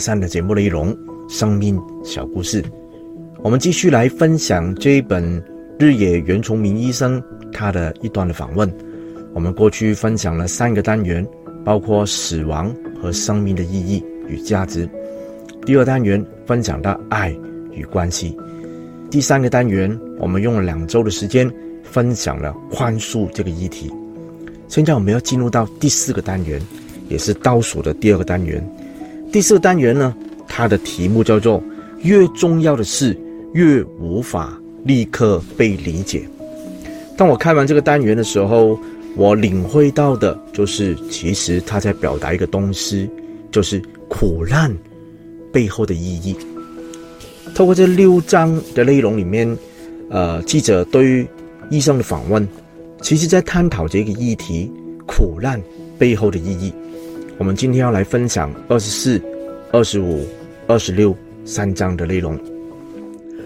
三的節目內容，生命小故事。我們繼續來分享這一本日野原崇明醫生他的一段的訪問。我們過去分享了三個單元，包括死亡和生命的意義與價值。第二單元分享到愛與關係。第三個單元我們用了兩周的時間分享了寬恕這個議題。現在我們要進入到第四個單元，也是倒數的第二個單元。第四單元呢，它的題目叫做“越重要的事越無法立刻被理解”。當我看完這個單元的時候，我領會到的就是，其實他在表達一個東西，就是苦難背後的意義。透過這六章的內容裡面，呃，記者對於醫生的訪問，其實在探討這個議題：苦難背後的意義。我們今天要來分享二十四、二十五、二十六三章的內容。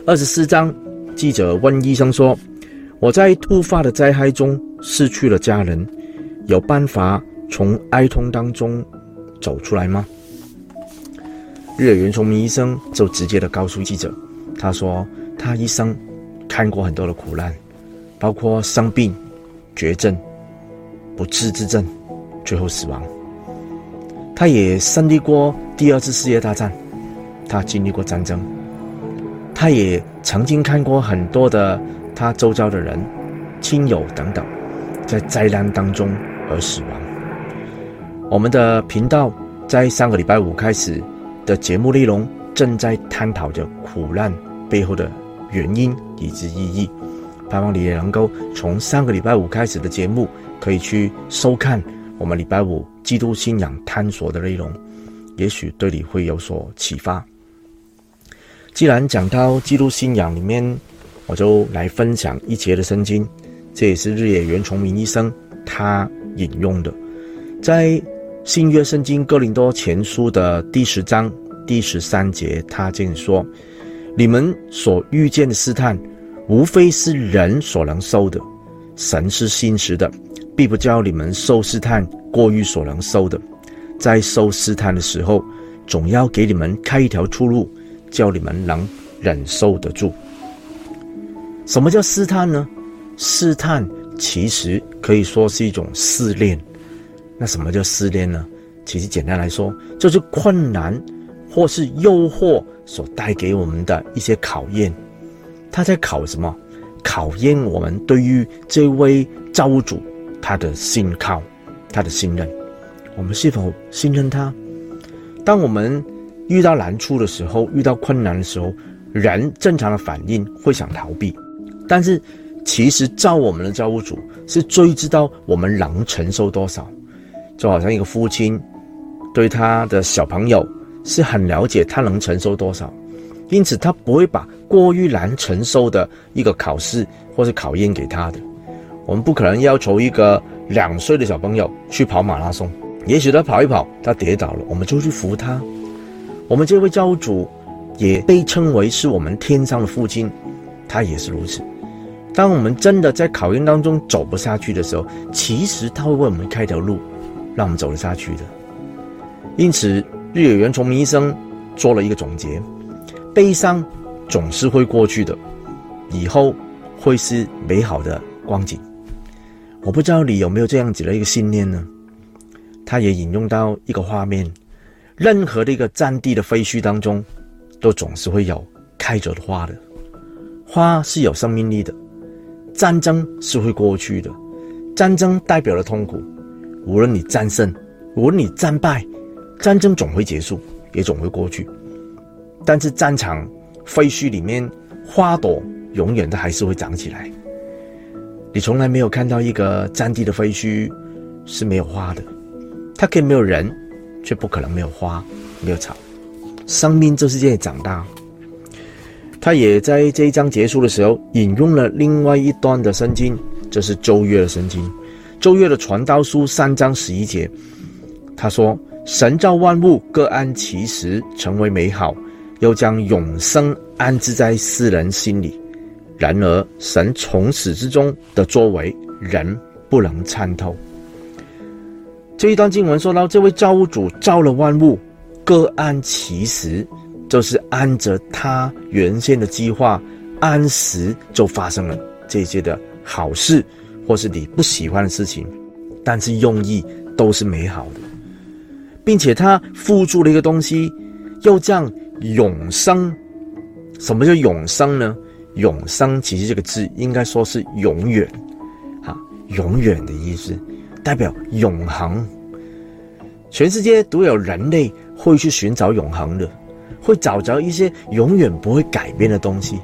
二十四章，記者問醫生說：“我在突發的災害中失去了家人，有辦法從哀痛當中走出來嗎？”日野原重明醫生就直接的告訴記者：“他說他一生看過很多的苦難，包括傷病、絕症、不治之症，最後死亡。”他也經歷過第二次世界大戰，他經歷過戰爭，他也曾經看過很多的他周遭的人、親友等等，在災難當中而死亡。我們的頻道在上個禮拜五開始的節目內容，正在探討着苦難背後的原因以及意義。盼望你也能夠從上個禮拜五開始的節目可以去收看。我們禮拜五基督信仰探索的內容，也許對你會有所啟發。既然講到基督信仰裡面，我就來分享一節的聖經，這也是日野原重明醫生他引用的，在新約聖經哥林多前書的第十章第十三節，他這樣說：“你們所遇見的試探，無非是人所能受的，神是信實的。”必不叫你們受試探過於所能受的，在受試探的時候，總要給你們開一條出路，叫你們能忍受得住。什麼叫試探呢？試探其實可以說是一種試煉。那什麼叫試煉呢？其實簡單來說，就是困難或是誘惑所帶給我們的一些考驗。他在考什麼？考驗我們對於這位造物主。他的信靠，他的信任，我們是否信任他？當我們遇到難處的時候，遇到困難的時候，人正常的反應會想逃避。但是，其實造我們的造物主是最知道我們能承受多少，就好像一個父親對他的小朋友是很了解他能承受多少，因此他不會把過於難承受的一個考試或是考驗給他的。我們不可能要求一個兩歲的小朋友去跑馬拉松，也許他跑一跑，他跌倒了，我們就去扶他。我們這位教主，也被稱為是我們天上的父親，他也是如此。當我們真的在考驗當中走不下去的時候，其實他會為我們開條路，讓我們走得下去的。因此，日野原重明醫生做了一個總結：悲傷總是會過去的，以後會是美好的光景。我不知道你有沒有這樣子的一個信念呢？他也引用到一個畫面，任何的一個戰地的廢墟當中，都總是會有開着的花的。花是有生命力的，戰爭是會過去的。戰爭代表了痛苦，無論你戰勝，無論你戰敗，戰爭總會結束，也總會過去。但是戰場廢墟裡面，花朵永遠都還是會長起來。你從來沒有看到一個戰地的廢墟是沒有花的，它可以沒有人，卻不可能沒有花，沒有草。生命就是這樣長大。他也在這一章結束的時候引用了另外一段的聖經，這是舊約的聖經，舊約的傳道書三章十一節，他說：“神造萬物，各按其時，成為美好，又將永生安置在世人心裡。”然而，神從始至終的作為，人不能參透。這一段經文說到，這位造物主造了萬物，各按其時，就是按着他原先的計劃，按時就發生了這些的好事，或是你不喜歡的事情，但是用意都是美好的，並且他付出了一個東西，又將永生。什麼叫永生呢？永生其實這個字應該說是永遠，啊，永遠的意思，代表永恆。全世界獨有人類會去尋找永恆的，會找着一些永遠不會改變的東西。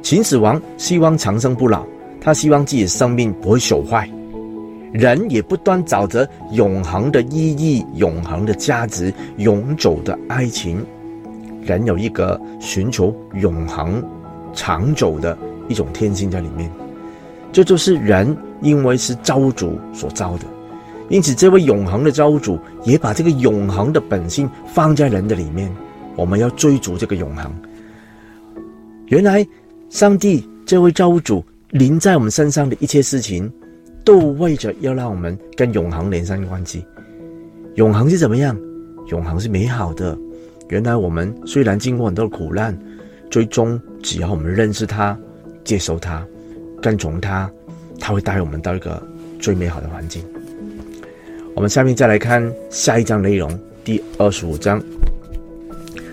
秦始皇希望長生不老，他希望自己的生命不會朽壞。人也不斷找着永恆的意義、永恆的價值、永久的愛情。人有一個尋求永恆，長久的一種天性在裡面，這就是人，因為是造物主所造的，因此這位永恆的造物主也把這個永恆的本性放在人的裡面。我們要追逐這個永恆。原來上帝這位造物主臨在我們身上的一切事情，都為着要讓我們跟永恆連上關係。永恆是怎麼樣？永恆是美好的。原來我們雖然經過很多苦難。最終，只要我們認識他，接受他，跟從他，他會帶我們到一個最美好的環境。我們下面再來看下一章內容，第二十五章。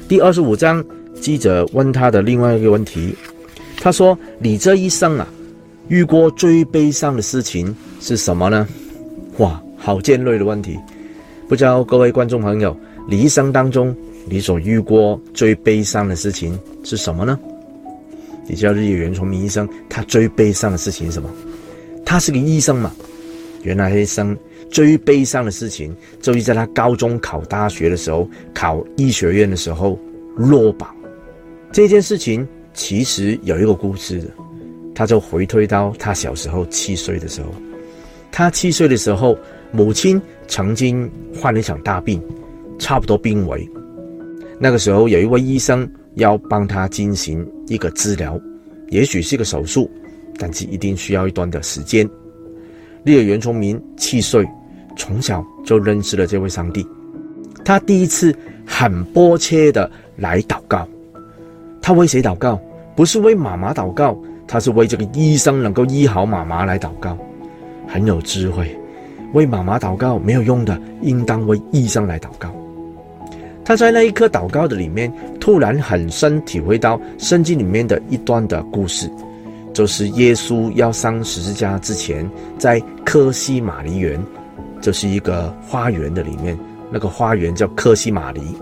第二十五章，記者問他的另外一個問題，他說：“你這一生啊，遇過最悲傷的事情是什麼呢？”哇，好尖銳的問題！不知道各位觀眾朋友，你一生當中，你所遇過最悲傷的事情是什麼呢？你知道日野原重明醫生，他最悲傷的事情是什麼？他是個醫生嘛？原來一生最悲傷的事情，就是在他高中考大學的時候，考醫學院的時候落榜。這件事情其實有一個故事的，他就回推到他小時候七歲的時候。他七歲的時候，母親曾經患了一場大病，差不多病危。那個時候，有一位醫生要幫他進行一個治療，也許是個手術，但是一定需要一段的時間。日野原重明七歲，從小就認識了這位上帝。他第一次很迫切的來禱告，他為誰禱告？不是為媽媽禱告，他是為這個醫生能夠醫好媽媽來禱告。很有智慧，為媽媽禱告沒有用的，應當為醫生來禱告。他在那一刻禱告的裡面，突然很深體會到聖經裡面的一段的故事，就是耶穌要上十字架之前，在客西馬尼園，這、就是一個花園的裡面，那個花園叫客西馬尼，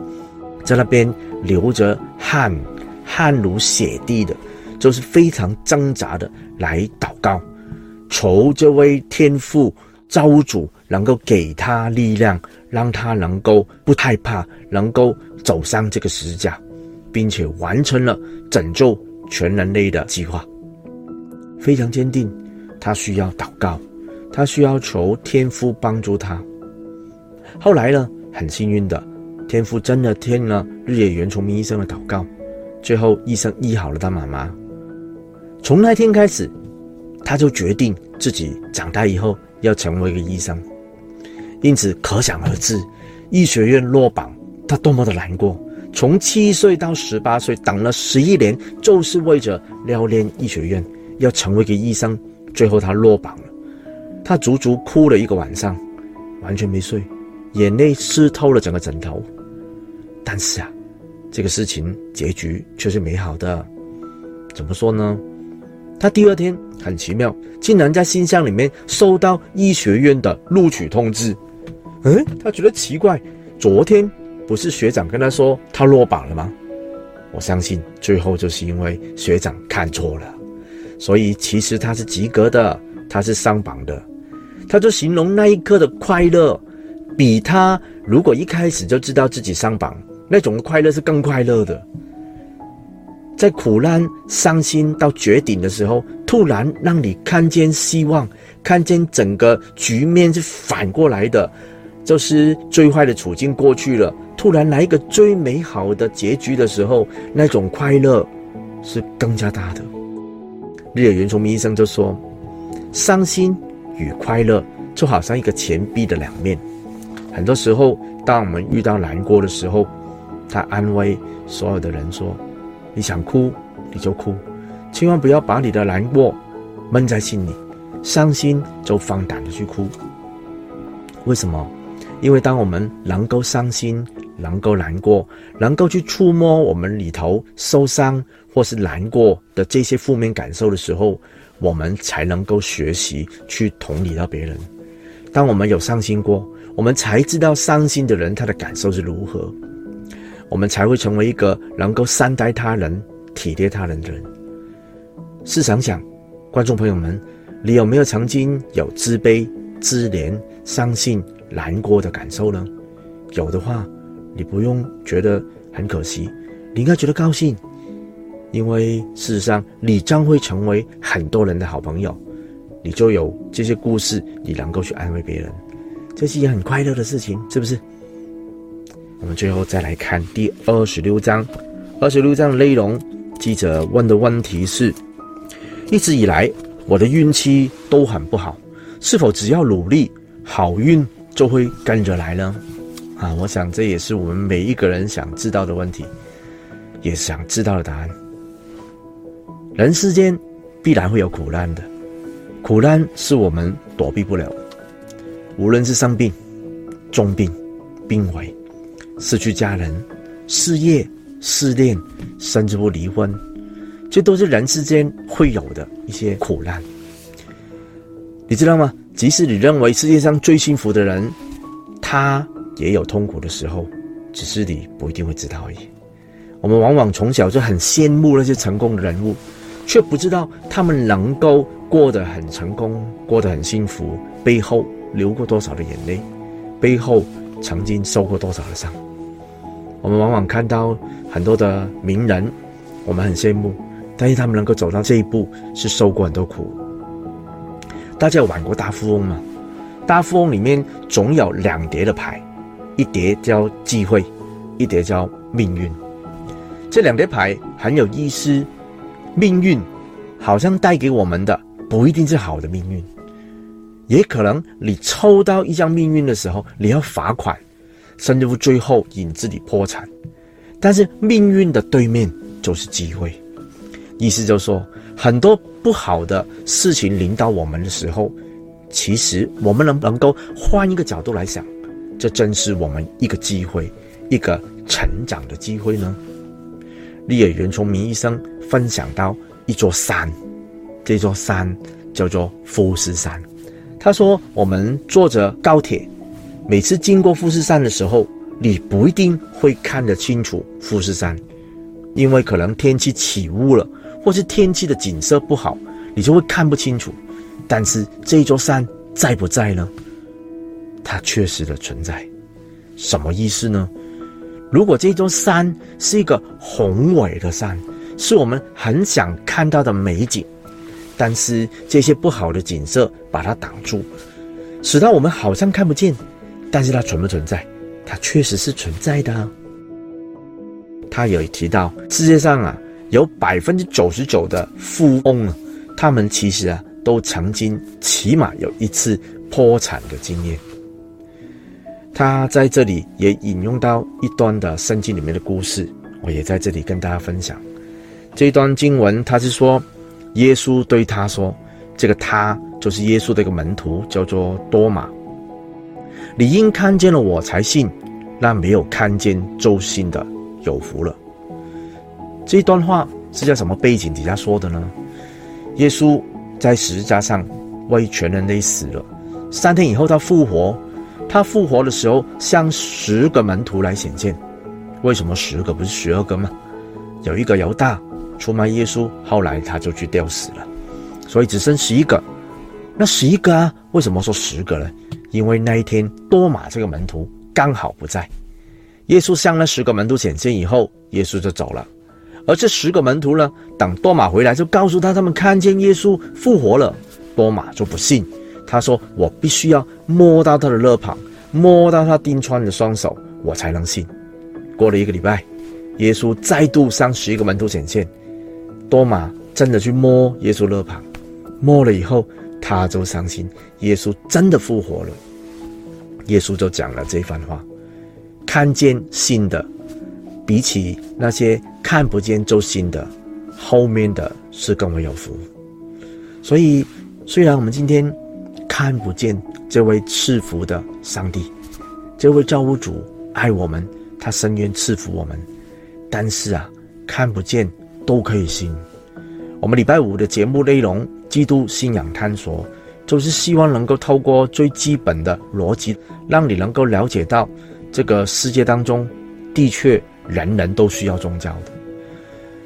在那邊流着汗，汗如血滴的，就是非常掙扎的來禱告，求這位天父造物主能夠給他力量。讓他能夠不害怕，能夠走上這個十架，並且完成了拯救全人類的計劃。非常堅定，他需要禱告，他需要求天父幫助他。後來呢，很幸運的，天父真的聽了日野原重明醫生的禱告，最後醫生醫好了他媽媽。從那天開始，他就決定自己長大以後要成為一個醫生。因此，可想而知，醫學院落榜，他多麼的難過。從七歲到十八歲，等了十一年，就是為着要念醫學院，要成為一個醫生。最後他落榜了，他足足哭了一個晚上，完全沒睡，眼淚濕透了整個枕頭。但是啊，這個事情結局卻是美好的。怎麼說呢？他第二天很奇妙，竟然在信箱裡面收到醫學院的錄取通知。嗯、欸，他覺得奇怪，昨天不是學長跟他說他落榜了嗎？我相信最後就是因為學長看錯了，所以其實他是及格的，他是上榜的。他就形容那一刻的快樂，比他如果一開始就知道自己上榜那種快樂是更快樂的。在苦難、傷心到絕頂的時候，突然讓你看見希望，看見整個局面是反過來的。就是最壞的處境過去了，突然來一個最美好的結局的時候，那種快樂是更加大的。日野原重明醫生就說，傷心與快樂就好像一個錢幣的兩面。很多時候，當我們遇到難過的時候，他安慰所有的人說：“你想哭你就哭，千萬不要把你的難過悶在心裡，傷心就放膽的去哭。”為什麼？因為當我們能夠傷心、能夠難過、能夠去觸摸我們裡頭受傷或是難過的這些負面感受的時候，我們才能夠學習去同理到別人。當我們有傷心過，我們才知道傷心的人他的感受是如何，我們才會成為一個能夠善待他人、體貼他人的人。試想想，觀眾朋友們，你有沒有曾經有自卑、自憐、傷心？難過的感受呢？有的話，你不用覺得很可惜，你應該覺得高興，因為事實上你將會成為很多人的好朋友，你就有這些故事，你能夠去安慰別人，這是一件很快樂的事情，是不是？我們最後再來看第二十六章，二十六章的內容。記者問的問題是：一直以來我的運氣都很不好，是否只要努力，好運？就會跟着來呢，啊！我想這也是我們每一個人想知道的問題，也想知道的答案。人世間必然會有苦難的，苦難是我們躲避不了。無論是生病、重病、病危、失去家人、失業、失戀，甚至乎離婚，這都是人世間會有的一些苦難。你知道嗎？即使你認為世界上最幸福的人，他也有痛苦的時候，只是你不一定會知道而已。我們往往從小就很羨慕那些成功的人物，卻不知道他們能夠過得很成功，過得很幸福，背後流過多少的眼淚，背後曾經受過多少的傷。我們往往看到很多的名人，我們很羨慕，但是他們能夠走到這一步，是受過很多苦。大家有玩過大富翁嗎？大富翁裡面總有兩疊的牌，一疊叫機會，一疊叫命運。這兩疊牌很有意思，命運好像帶給我們的不一定是好的命運，也可能你抽到一張命運的時候，你要罰款，甚至乎最後引致你破產。但是命運的對面就是機會，意思就是說。很多不好的事情臨到我們的時候，其實我們能不能夠換一個角度來想，這正是我們一個機會，一個成長的機會呢。日野原重明醫生分享到一座山，這座山叫做富士山。他說，我們坐着高鐵，每次經過富士山的時候，你不一定會看得清楚富士山，因為可能天氣起霧了。或是天氣的景色不好，你就會看不清楚。但是這一座山在不在呢？它確實的存在。什麼意思呢？如果這一座山是一個宏偉的山，是我們很想看到的美景，但是這些不好的景色把它擋住，使到我們好像看不見。但是它存不存在？它確實是存在的。他有提到世界上啊。有百分之九十九的富翁，他們其實啊，都曾經起碼有一次破產的經驗。他在這裡也引用到一段的聖經裡面的故事，我也在這裡跟大家分享。這一段經文他是說，耶穌對他說，這個他就是耶穌的一個門徒，叫做多馬。你因看見了我才信，那沒有看見就信的有福了。這一段話是在什麼背景底下說的呢？耶穌在十字架上為全人類死了，三天以後他復活。他復活的時候向十個門徒來顯現。為什麼十個不是十二個嗎？有一個猶大出賣耶穌，後來他就去吊死了，所以只剩十一個。那十一個啊，為什麼說十個呢？因為那一天多馬這個門徒剛好不在。耶穌向那十個門徒顯現以後，耶穌就走了。而這十個門徒呢？等多馬回來，就告訴他，他們看見耶穌復活了。多馬就不信，他說：“我必須要摸到他的肋旁，摸到他釘穿的雙手，我才能信。”過了一個禮拜，耶穌再度向十一個門徒顯現，多馬真的去摸耶穌肋旁，摸了以後，他就相信耶穌真的復活了。耶穌就講了這番話：“看見信的。”比起那些看不見就信的，後面的是更為有福。所以，雖然我們今天看不見這位賜福的上帝，這位造物主愛我們，他深願賜福我們，但是啊，看不見都可以信。我們禮拜五的節目內容《基督信仰探索》，就是希望能夠透過最基本的邏輯，讓你能夠了解到這個世界當中的確。人人都需要宗教的，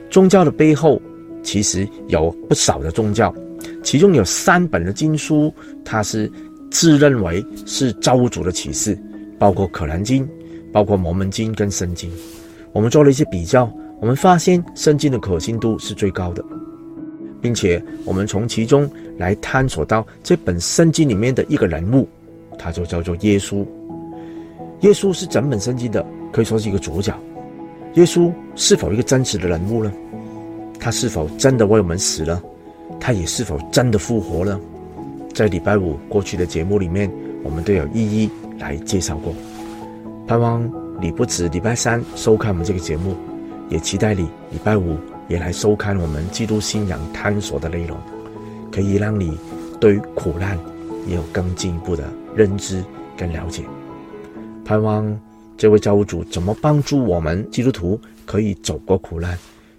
宗教的背後其實有不少的宗教，其中有三本的經書，它是自認為是造物主的啟示，包括《可蘭經》、包括《摩門經》跟《聖經》。我們做了一些比較，我們發現《聖經》的可信度是最高的，並且我們從其中來探索到這本《聖經》裡面的一個人物，他就叫做耶穌。耶穌是整本《聖經》的可以說是一個主角。耶穌是否一個真實的人物呢？他是否真的為我們死了？他也是否真的復活了？在禮拜五過去的節目裡面，我們都有一一來介紹過。盼望你不只禮拜三收看我們這個節目，也期待你禮拜五也來收看我們基督信仰探索的內容，可以讓你對於苦難也有更進一步的認知跟了解。盼望。這位造物主怎麼幫助我們基督徒可以走過苦難，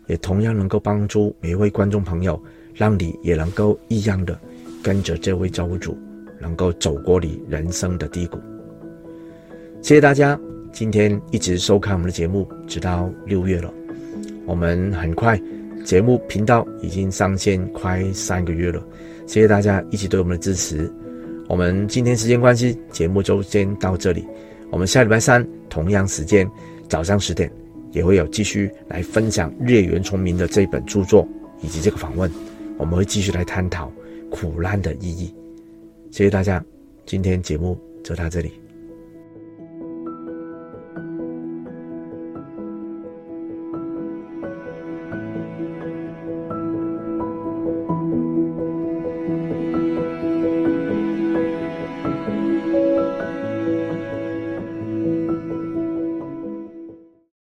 也同樣能夠幫助每一位觀眾朋友，讓你也能夠一樣的跟着這位造物主，能夠走過你人生的低谷。謝謝大家今天一直收看我們的節目，直到六月了。我們很快，節目頻道已經上線快三個月了。謝謝大家一直對我們的支持。我們今天時間關係，節目就先到這裡。我們下禮拜三同樣時間，早上十點，也會有繼續來分享《日野原重明》的這本著作以及這個訪問，我們會繼續來探討苦難的意義。謝謝大家，今天節目就到這裡。